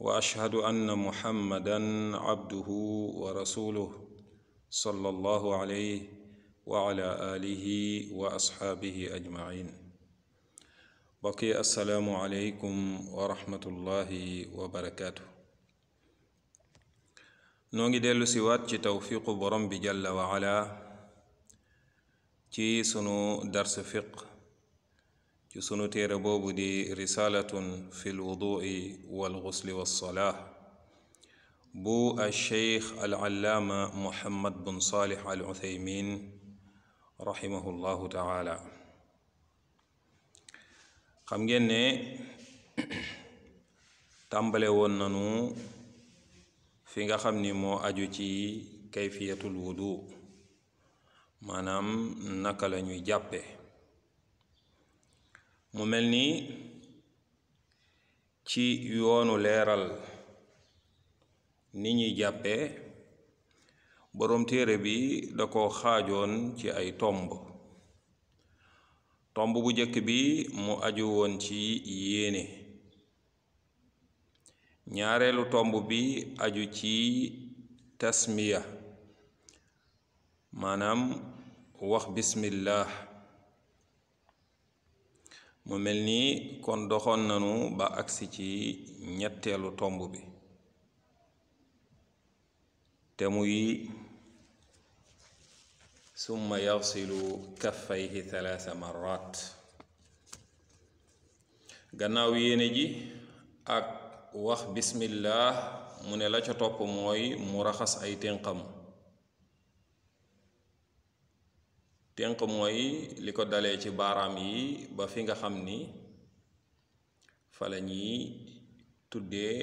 واشهد ان محمدا عبده ورسوله صلى الله عليه وعلى اله واصحابه اجمعين بقي السلام عليكم ورحمه الله وبركاته نوغي ديلو سيوات ci توفيق برم بجل وعلا wa سنو درس فقه ci sunu téere boobu di risaalatun fi lwudui walxusli walsalaa bu alcheikh alallaama muhammad bun saalix al uthaymin raximahu llahu taala xam ngeen ne tàmbale woon nanu fi nga xam ni moo aju ci kayfiyatul wudu maanaam naka la ñuy jàppe mu mel ni ci yoonu leeral ni ñuy jàppe boroom téere bi da ko xaajoon ci ay tomb tomb bu jëkk bi mu aju woon ci yéene ñaareelu tomb bi aju ci tasmiya maanaam wax bismillah mu mel nii kon doxoon nanu ba agsi ci ñetteelu tomb bi te muy summa yaxsilu kaffayhi thalaatha marrat gannaaw yéene ji ak wax bismillah mu ne la ca topp mooy mu raxas ay ténqam Tiang mooy li ko dalee ci baram yi ba fi nga xamni fa la ñuy tuddee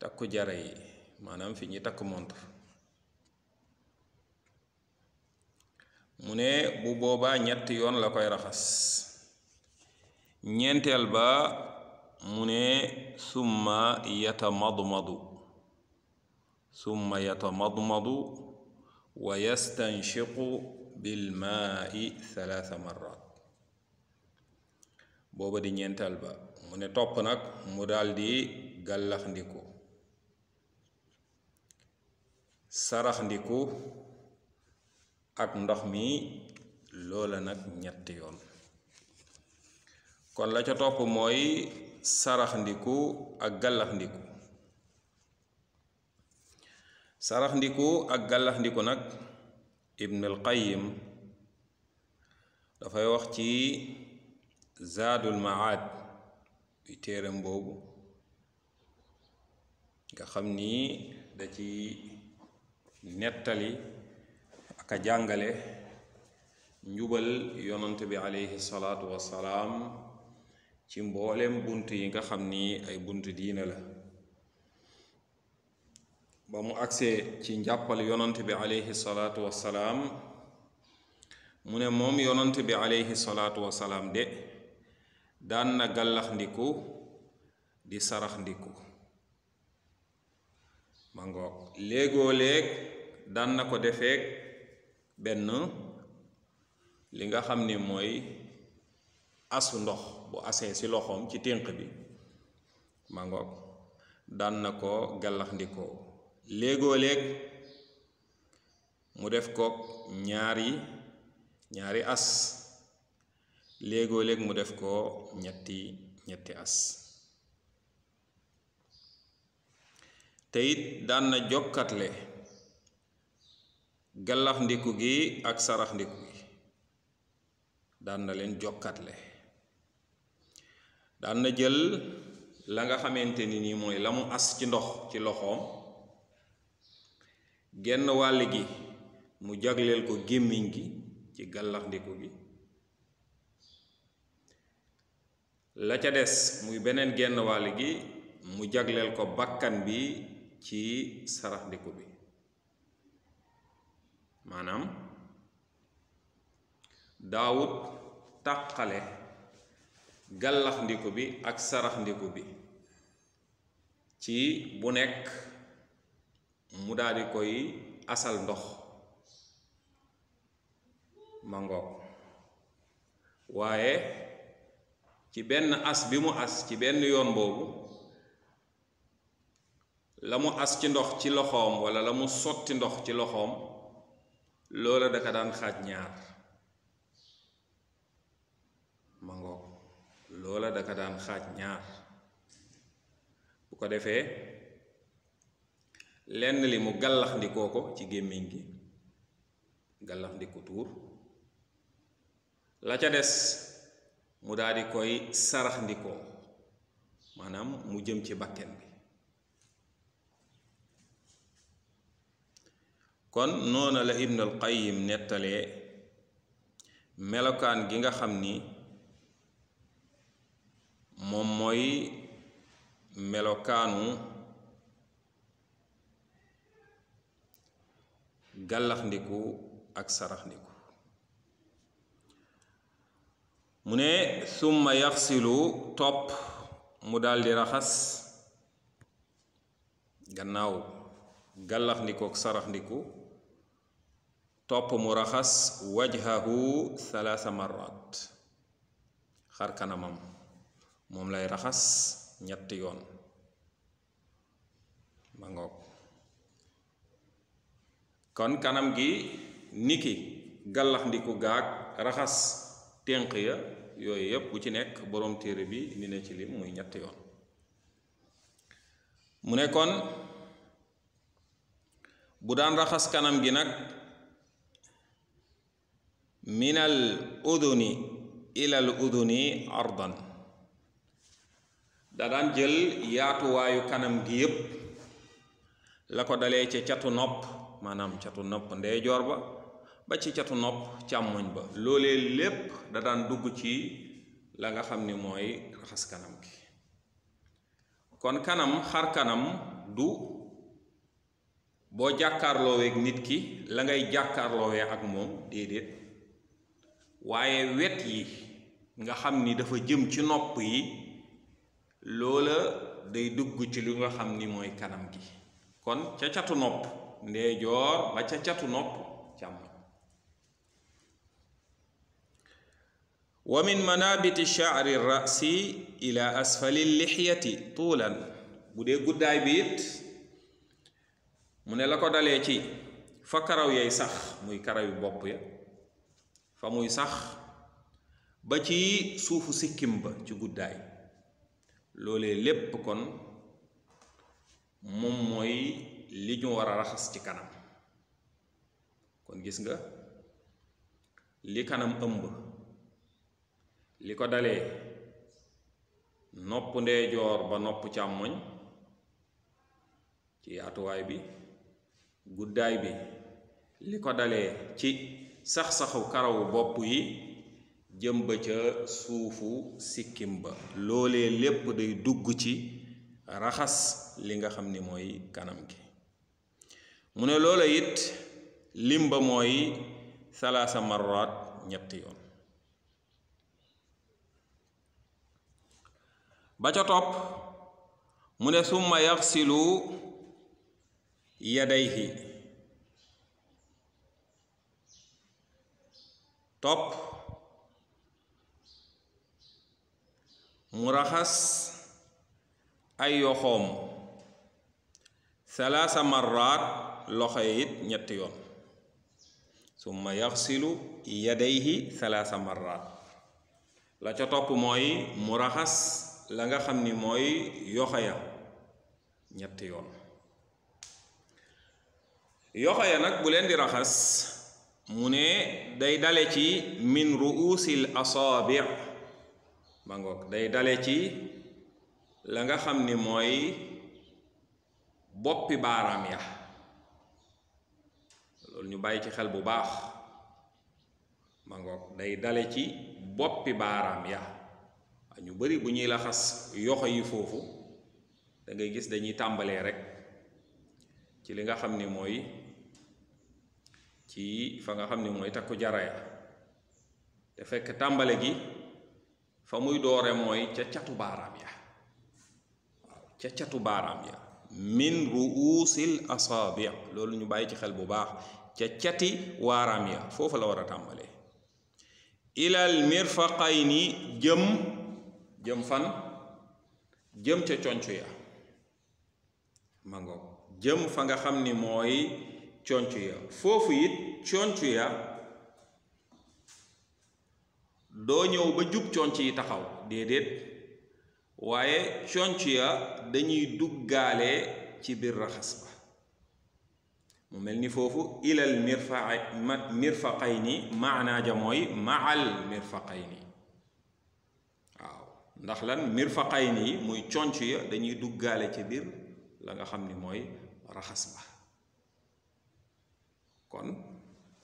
takku jaré yi manam fi ñi takku montre mune bu boba ñett yoon la koy raxas ñentel ba mune summa yatamadmadu summa yatamadmadu wa yastanshiqu bilmai ma'i thalatha marrat bobu di ñental ba mu ne top nak mu daldi galax ndiku sarax ndiku ak ndox mi lola nak ñett yoon kon la ca top moy sarax ndiku ak galax ndiku sarax ndiku ak galax ndiku nak ibn al qayyim dafay wax ci zaadul maad bi téeram boobu nga xam ni da ci nettali ak a jàngale njubal yonant bi alayhi salaatu wassalaam ci mboolem bunt yi nga xam ni ay bunt diina la ba mu accé ci njàppal yonante bi alayhi salatu wassalaam mu ne moom yonante bi alayhi salatu wassalaam de daan na gàllax ndiku di sarax ndiku ma ngoog léegoo léeg daan na ko defeeg benn li nga xam ni mooy asu ndox bu asee si loxoom ci tinq bi ma ngoog daan na ko gàllax ndikoo léegoo mu def kook ñaari ñaari as léegoo léeg mu def koo ñetti ñetti as te it daan na jokkatle gallax gi ak sarax ndiku gi daan leen jokkatle daan na jël la nga xamante ni nii mooy la mu as ci ndox ci loxoom genn wàll gi mu jagleel ko gémmiñ gi ci gàllaxndiku gi la ca des muy beneen genn wàll gi mu jagleel ko bakkan bi ci sarah bi maanaam Daud tàqale kalle, bi ak aksarah bi ci bu nekk mu daal di koy asal ndox ma ngoog waaye ci benn as bi mu as ci benn yoon boobu la mu as ci ndox ci loxoom walla la mu sotti ndox ci loxoom loola da ka daan xaaj ñaar ma ngoog loola da ka daan xaaj ñaar bu ko defee lenn li mu gàllaxndikoo ko ci gémmiñ gi gàllaxndiku tuur la ca des mu daal di koy saraxndikoo maanaam mu jëm ci bakken bi kon nona la ibn al qayyim nettalee melokaan gi nga xam ni moom mooy gàllaxndiku ak saraxndiku mu ne summa yaxsilu topp mu daldi raxas gannaaw gàllaxndiku ak saraxndiku topp mu raxas wajhahu thalatha marrat xar kanamam moom lay raxas ñetti yoon ma ngoog kon kanam gi niki ndiku gaak raxas tenq ya yoy yépp bu ci nek borom téere bi ni ne ci lim muy ñett yoon mu ne kon bu daan raxas kanam gi minal uduni ilal uduni ardan da daan jël yaatuwaayu kanam gi yépp la ko dalee ca catu nopp maanaam catu nopp ndeyjoor ba ba ci catu nopp càmmoñ ba loolee lépp da daan dugg ci la nga xam ni mooy raxas kanam gi kon kanam xar kanam du boo jàkkaarlooweek nit ki la ngay jàkkaarloowee ak moom déedéet waaye wet yi nga xam ni dafa jëm ci nopp yi loola day dugg ci lu nga xam ni mooy kanam gi kon ca catu nopp ndeejoor ba ca catu nopp càmmoñ wa min manabiti shaari rasi ila asfali lixyati tuulan bu dee guddaay bi it mu ne la ko dalee ci fa karaw yay sax muy karaw bopp fa muy sax ba ci suufu sikkim ba ci guddaay loolee lépp kon moom mooy li ñu war a raxas ci kanam kon gis nga li kanam ëmb li ko dalee nopp ndeyjoor ba nopp càmmoñ ci yaatuwaay bi guddaay bi li ko dalee ci sax-saxu karawu bopp yi jëm ba ca suufu sikkim ba loolee lépp day dugg ci raxas li nga xam ni mooy kanam gi mune lola yit limba moy salasa marrat ñett yoon ba ca top mune summa yaghsilu yadayhi top murahas raxas ay yoxoom salaasa marraat loxeyit yi ñetti yoon summa yaghsilu yadayhi thalaasa marrat la ca top moy murahas la nga xamni moy yoxaya yoxo ya ñetti yoon yoxaya nak bu len di rahas mune day dalé ci min ruusil asabi' mangok day dalé ci la nga xamni moy bopi baram ya ñu bàyyi ci xel bu baax ma day dale ci boppi baaraam ya ñu bari bu ñuy laxas yoxo yi foofu dangay gis dañuy tàmbalee rek ci li nga xam ni mooy ci fa nga xam ni mooy takku jaraya te fekk tàmbale gi fa muy doore mooy ca catu baaraam ya waaw ca catu baaraam ya min ruusil asaabi loolu ñu bàyyi ci xel bu baax ca cati waaraam ya foofu la war a tàmbalee ilal ni jëm jëm fan jëm ca conc ya ma jëm fa nga xam ni mooy conc ya foofu it conc ya doo ñëw ba jub conc yi taxaw déedéet waaye conc ya dañuy duggaale ci biir raxas ba mu mel ni foofu ilal mirfaqayni maanaa ja mooy maal mirfaqayni waaw ndax lan mirfaqayni yi muy conc ya dañuy duggaale ci biir la nga xam ni mooy raxas ba kon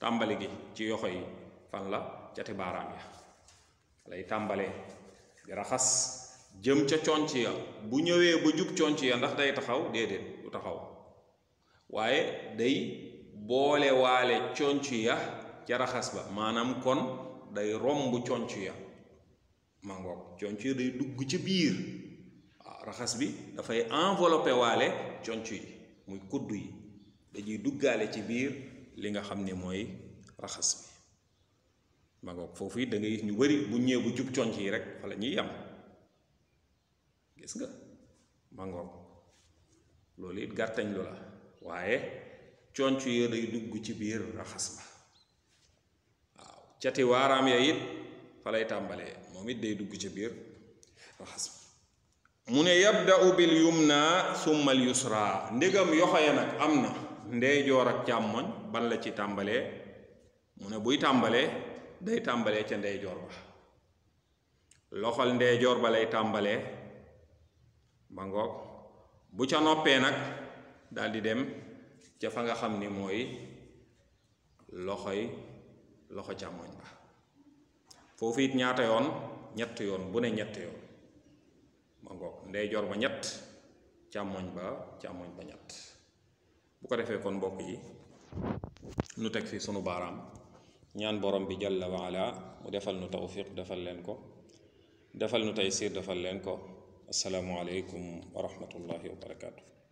tàmbali gi ci yoxo yi fan la cati baaraam ya lay tàmbalee raxas jëm ca conc ya bu ñëwee ba jub conc ya ndax day taxaw déedéet du taxaw waaye day boole waale conc ya ca raxas ba maanaam kon day romb conc ya mangoog conc ya day dugg ci biir ah, raxas bi dafay enveloppé waale conc yi muy kudd yi dañuy duggaale ci biir li nga xam ne mooy raxas bi mangoog foofu it da gis ñu bari bu ñëwee jub conc yi rek fa ñuy yam gis nga mangoog loolu it gàttañ la waaye conc ya day dugg ci biir raxas ba waaw cati waaraam ya it fa lay tàmbalee moom it day dugg ci biir raxas ba mu ne yabda'u bil yumna na al yusra ndegam yoxo ya nag am na ndeyjoor ak càmmoñ ban la ci tàmbalee mu ne buy tàmbalee day tàmbalee ca ndeyjoor ba loxol ndeyjoor ba lay tàmbalee ba ngoog bu ca noppee nag dal di dem ca fa nga xamni moy loxoy loxo càmmoñ ba fofu it ñaata yoon ñett yoon bu ne ñett yoon ma ndey jor ba ñett càmmoñ ba càmmoñ ba ñett bu ko defé kon mbokk yi nu tek fi sunu baram ñaan borom bi jalla wa ala mu defal nu tawfiq defal lenko ko defal nu sir defal len ko assalamu alaykum wa rahmatullahi wa barakatuh